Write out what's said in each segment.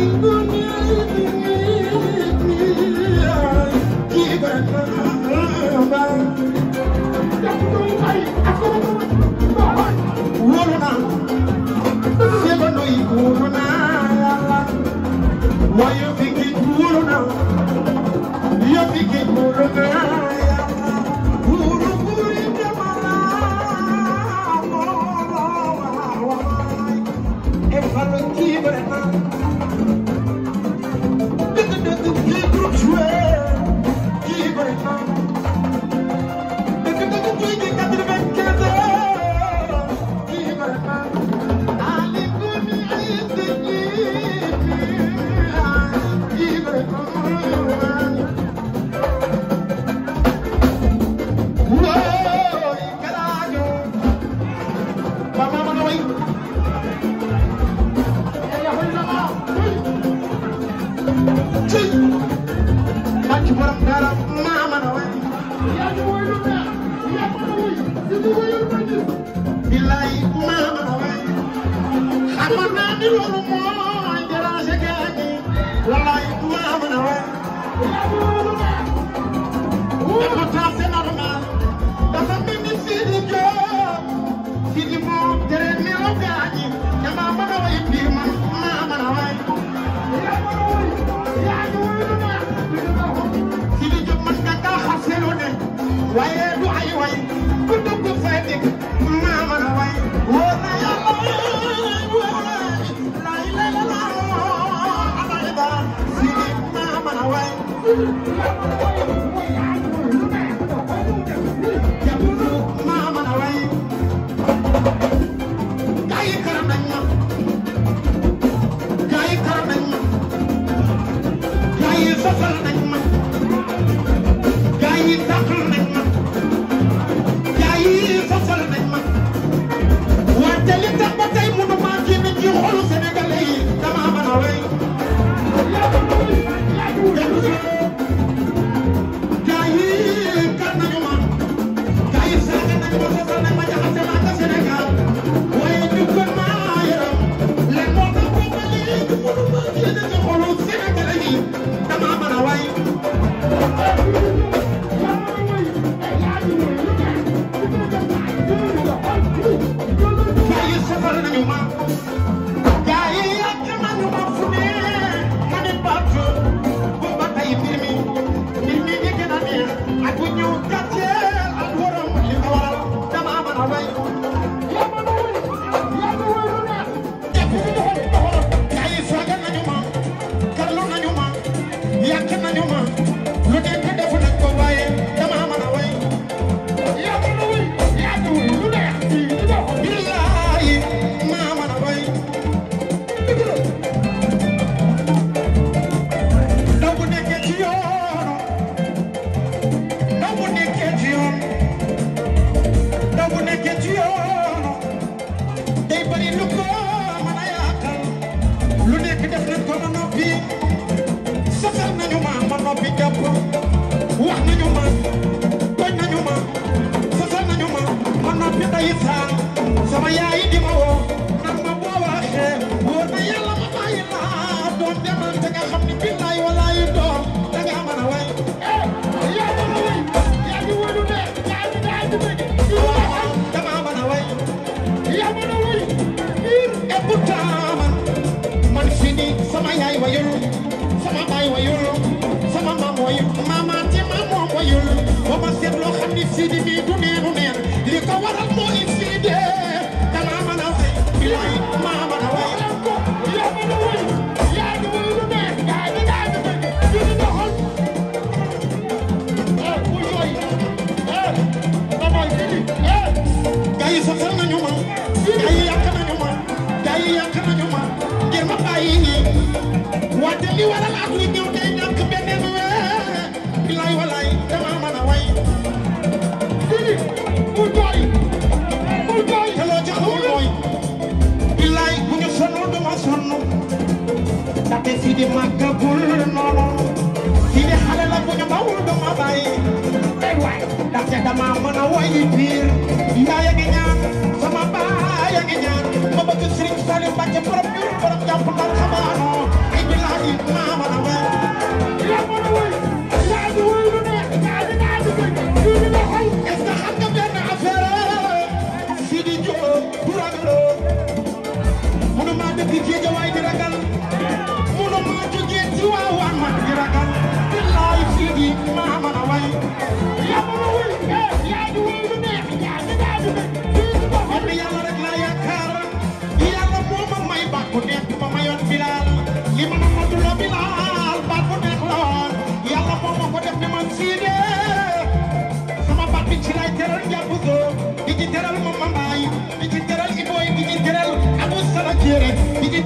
Bildim loolu moo Sofala bari lu ko mën a yaatal lu nekk def nañ ko ma noppi safar nañu ma ma noppi jàpp wax nañu ma bañ nañu ma safar nañu ma ma noppi day saan sama yaay di ma woo nag ma boo waxee wóor na yàlla ma bàyyi laa doon demal te nga xam di màgg bul noonu kii di xale la bu ñu bawul du ma bàyyi ay mën a way biir yaay a ngi ñaan sama baay a ngi ñaan ma bëgg Sëriñ Saliou Mbacke borom biir borom jàpp ndar sama ay bilaay maa mën a way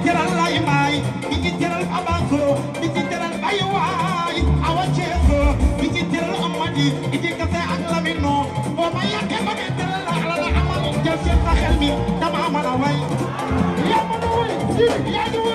teral lay maay di ci teral abaso di ci teral bay waay awa ceeso di ci teral amadi di ci kase ak lamino boo ma yàqee ma ngay teral la ala la amal jël seen sa xel mi dama amal a way yaa ma na way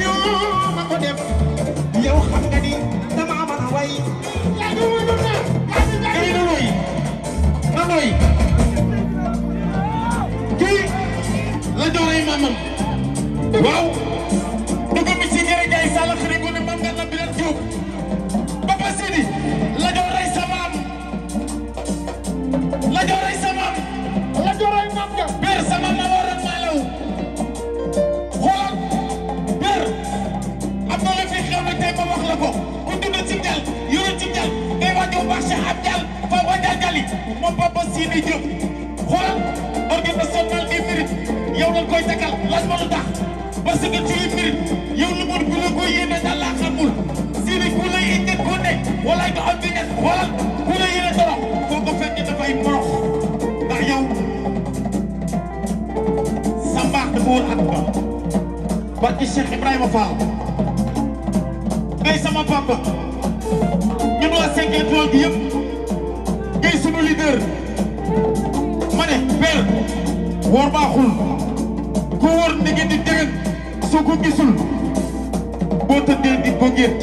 doy kii la doonay maamam waaw moom Papa Sidi Diop xoolal organisation du mérite yow dañ koy tegal lan ma lu tax parce que tu es mérite yow lu mot ku la ko yéene daal laa xamul Sidi ku la indi ku ne wala nga am di ñett xoolal ku la yéene torox koo ko fekk dafay morox ndax yow sa mbaax dafa wër at ba barke Cheikh Ibrahima Fall ngay sama papa ñun waa cinq étoiles bi yëpp tey sunu leader ma ne benn wor baaxul ku wor ndege soo ko gisul boo tëddee di ko gént